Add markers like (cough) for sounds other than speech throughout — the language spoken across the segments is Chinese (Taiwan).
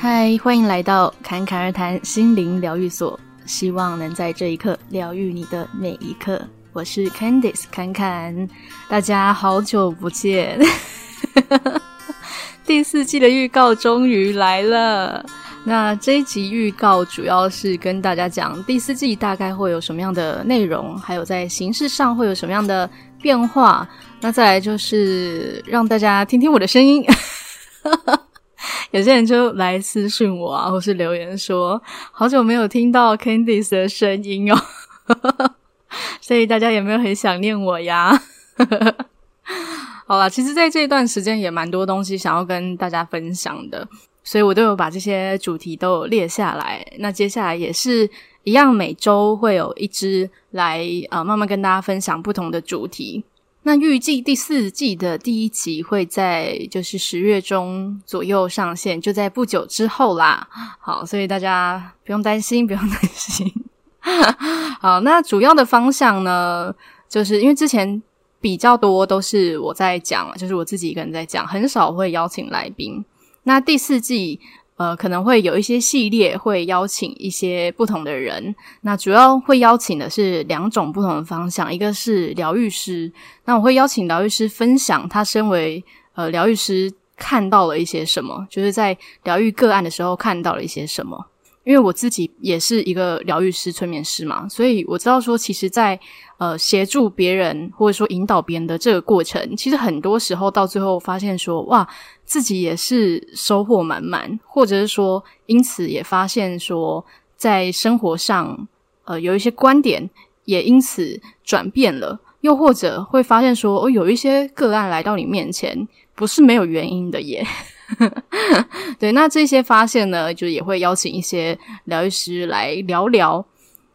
嗨，歡迎來到侃侃而談心靈療癒所，希望能在這一刻療癒你的每一刻。我是 Candice 侃侃，大家好久不見。 (laughs) 第四季的預告終於來了，那這一集預告主要是跟大家講第四季大概會有什麼樣的內容，還有在形式上會有什麼樣的變化。那再來就是讓大家聽聽我的聲音。 (laughs) 有些人就來私訊我啊，或是留言說，好久沒有聽到 Candice 的聲音哦， (laughs) 所以大家有沒有很想念我呀？ (laughs) 好啦，其實，在這段時間也蠻多東西想要跟大家分享的，所以我都有把這些主題都有列下來。那接下來也是一樣，每週會有一支來啊、呃，慢慢跟大家分享不同的主題。那預計第四季的第一集會在就是十月中左右上線，就在不久之後啦。好，所以大家不用擔心，不用擔心。 (laughs) 好，那主要的方向呢，就是因為之前比較多都是我在講，就是我自己一個人在講，很少會邀請來賓。那第四季，呃，可能會有一些系列會邀請一些不同的人，那主要會邀請的是兩種不同的方向，一個是療癒師，那我會邀請療癒師分享他身為，呃，療癒師看到了一些什麼，就是在療癒個案的時候看到了一些什麼。因為我自己也是一個療癒師、催眠師嘛，所以我知道說，其實在，在呃協助別人或者說引導別人的這個過程，其實很多時候到最後發現說，哇，自己也是收穫滿滿，或者是說，因此也發現說，在生活上，呃，有一些觀點也因此轉變了，又或者會發現說，哦，有一些個案來到你面前。不是沒有原因的耶。 (laughs) 對，那這些發現呢，就也會邀請一些療癒師來聊聊。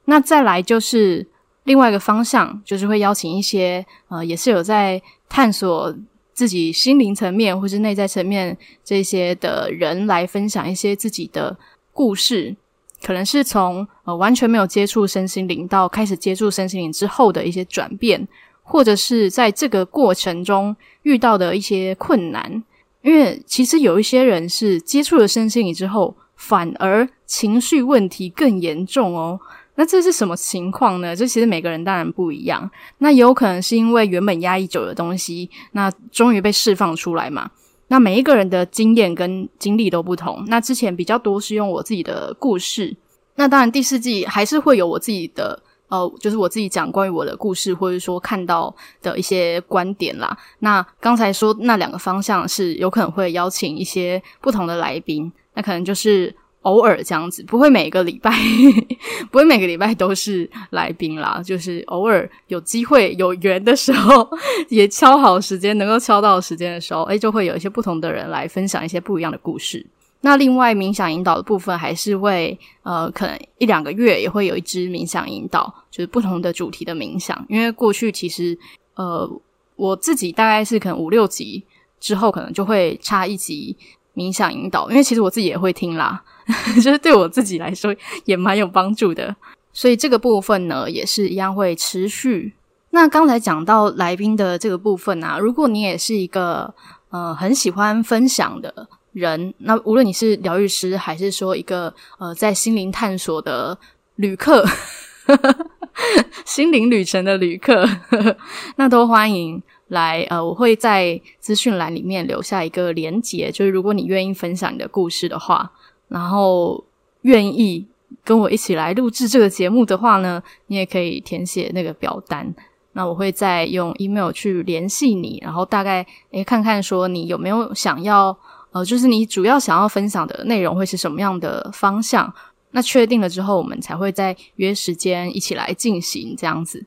那再來就是另外一個方向，就是會邀請一些呃，也是有在探索自己心靈層面或是內在層面這些的人來分享一些自己的故事，可能是從呃完全沒有接觸身心靈到開始接觸身心靈之後的一些轉變。或者是在這個過程中遇到的一些困難，因為其實有一些人是接觸了身心靈之後，反而情緒問題更嚴重哦。那這是什麼情況呢？這其實每個人當然不一樣。那有可能是因為原本壓抑久的東西，那終於被釋放出來嘛。那每一個人的經驗跟經歷都不同。那之前比較多是用我自己的故事，那當然第四季還是會有我自己的。哦、呃，就是我自己講關於我的故事，或者說看到的一些觀點啦。那剛才說那兩個方向是有可能會邀請一些不同的來賓，那可能就是偶爾這樣子，不會每個禮拜， (laughs) 不會每個禮拜都是來賓啦，就是偶爾有機會有緣的時候，也敲好時間能夠敲到時間的時候，哎、欸，就會有一些不同的人來分享一些不一樣的故事。那另外冥想引導的部分還是會，呃，可能一兩個月也會有一支冥想引導，就是不同的主題的冥想。因為過去其實，呃，我自己大概是可能五六集之後，可能就會插一集冥想引導。因為其實我自己也會聽啦，就是對我自己來說也蠻有幫助的。所以這個部分呢，也是一樣會持續。那剛才講到來賓的這個部分啊，如果你也是一個呃很喜歡分享的。人，那無論你是療癒師，還是說一個呃，在心靈探索的旅客，呵呵心靈旅程的旅客呵呵，那都歡迎來。呃，我會在資訊欄裡面留下一個連結，就是如果你願意分享你的故事的話，然後願意跟我一起來錄製這個節目的話呢，你也可以填寫那個表單。那我會再用 email 去聯繫你，然後大概、欸、看看說你有沒有想要。呃，就是你主要想要分享的內容會是什麼樣的方向？那確定了之後，我們才會再約時間一起來進行，這樣子。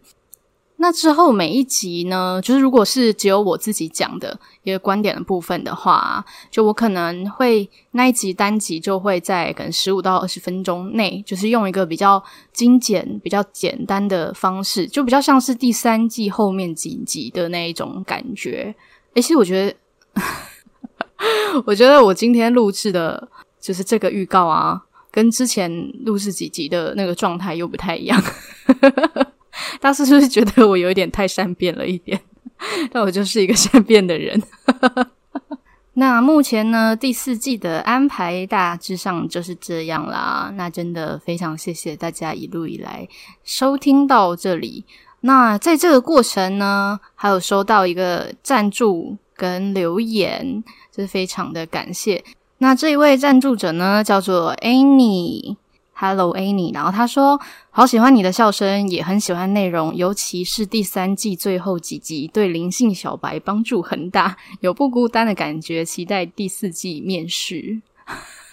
那之後每一集呢，就是如果是只有我自己講的一個觀點的部分的話，就我可能會那一集單集就會在可能十五到二十分鐘內，就是用一個比較精簡、比較簡單的方式，就比較像是第三季後面幾集的那一種感覺。欸，其實我覺得。我覺得我今天錄製的就是這個預告啊，跟之前錄製幾集的那個狀態又不太一樣。大 (laughs) 家是不是覺得我有點太善變了一點？但我就是一個善變的人。 (laughs) 那目前呢，第四季的安排大致上就是這樣啦。那真的非常謝謝大家一路以來收聽到這裡。那在這個過程呢，還有收到一個贊助。跟留言，就是非常的感謝。那這一位贊助者呢，叫做 Amy，Hello Amy，然後他說：“好喜歡你的笑聲，也很喜歡內容，尤其是第三季最後幾集，對靈性小白幫助很大，有不孤單的感覺，期待第四季面試。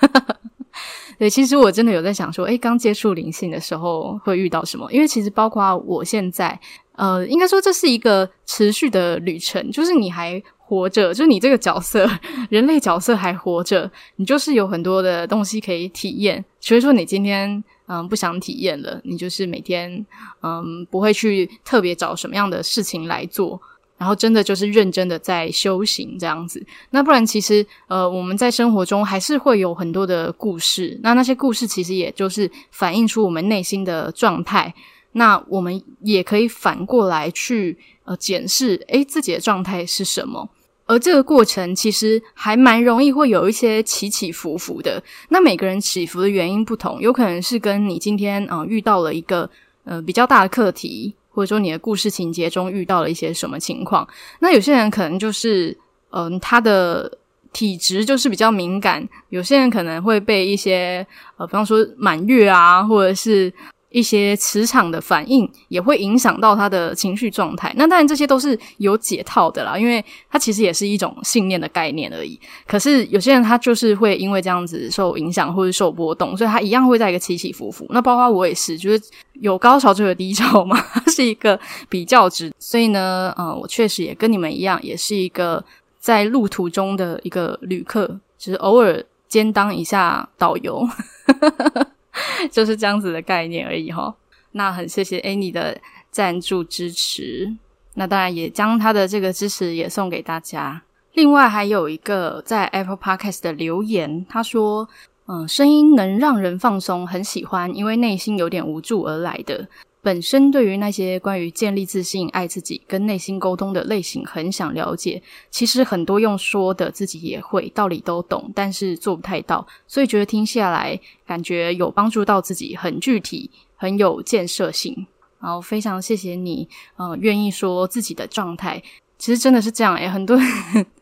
(laughs) ”對，其實我真的有在想說，誒，剛接觸靈性的時候會遇到什麼？因為其實包括我現在，呃，應該說這是一個持續的旅程，就是你還。活着就是你這個角色，人類角色還活着你就是有很多的東西可以體驗。所以說，你今天嗯不想體驗了，你就是每天嗯不會去特別找什麼樣的事情來做，然後真的就是認真的在修行這樣子。那不然其實呃我們在生活中還是會有很多的故事，那那些故事其實也就是反映出我們內心的狀態。那我們也可以反過來去呃檢視，誒自己的狀態是什麼。而這個過程其實還蠻容易會有一些起起伏伏的。那每個人起伏的原因不同，有可能是跟你今天啊、呃、遇到了一個呃比較大的課題，或者說你的故事情節中遇到了一些什麼情況。那有些人可能就是嗯、呃，他的體質就是比較敏感，有些人可能會被一些呃，比方說滿月啊，或者是一些磁場的反應也會影響到他的情緒狀態。那當然，這些都是有解套的啦，因為他其實也是一種信念的概念而已。可是有些人他就是會因為這樣子受影響或者受波動，所以他一樣會在一個起起伏伏。那包括我也是，就是有高潮就有低潮嘛， (laughs) 是一個比較值。所以呢，呃、嗯，我確實也跟你們一樣，也是一個在路途中的一個旅客，只、就是偶爾兼當一下導遊。 (laughs) (laughs) 就是這樣子的概念而已哈、哦。那很謝謝 Annie 的贊助支持，那當然也將他的這個支持也送給大家。另外還有一個在 Apple Podcast 的留言，他說。嗯、呃，聲音能讓人放鬆，很喜歡。因為內心有點無助而來的，本身對於那些關於建立自信、愛自己、跟內心溝通的類型，很想了解。其實很多用說的，自己也會道理都懂，但是做不太到，所以覺得聽下來感覺有幫助到自己，很具體，很有建設性。然後非常謝謝你，嗯、呃，願意說自己的狀態。其實真的是這樣誒，很多人。 (laughs)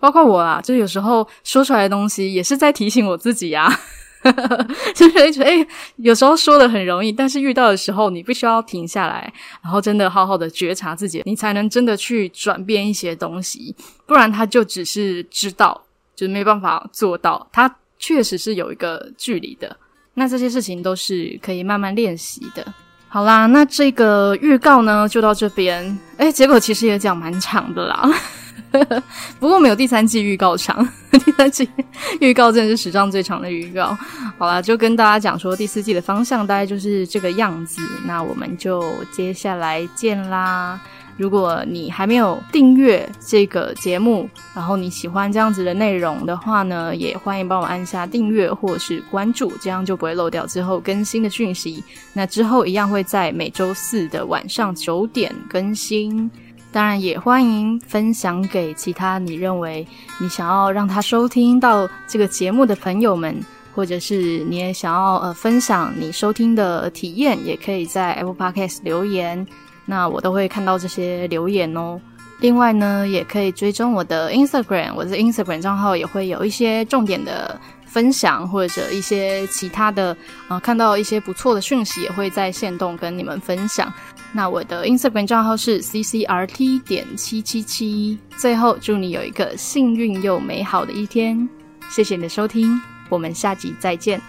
包括我啦，就有時候說出來的東西也是在提醒我自己呀、啊， (laughs) 就是一、欸、有時候說的很容易，但是遇到的時候，你必須要停下來，然後真的好好的覺察自己，你才能真的去轉變一些東西，不然他就只是知道，就沒辦法做到。他確實是有一個距離的，那這些事情都是可以慢慢練習的。好啦，那這個預告呢，就到這邊。誒、欸，結果其實也講蠻長的啦。呵呵，不過沒有第三季預告長， (laughs) 第三季預告真的是史上最長的預告。 (laughs) 好啦，就跟大家講說第四季的方向大概就是這個樣子。那我們就接下來見啦！如果你還沒有訂閱這個節目，然後你喜歡這樣子的內容的話呢，也歡迎幫我按下訂閱或是關注，這樣就不會漏掉之後更新的訊息。那之後一樣會在每週四的晚上九點更新。當然，也歡迎分享給其他你認為你想要讓他收聽到這個節目的朋友們，或者是你也想要呃分享你收聽的體驗，也可以在 Apple Podcast 留言，那我都會看到這些留言哦。另外呢，也可以追蹤我的 Instagram，我的 Instagram 賬號也會有一些重點的。分享或者一些其他的，啊、呃，看到一些不錯的訊息，也會在限動跟你們分享。那我的 Instagram 賬號是 ccrt 點七七七。最後，祝你有一個幸運又美好的一天。謝謝你的收聽，我們下集再見。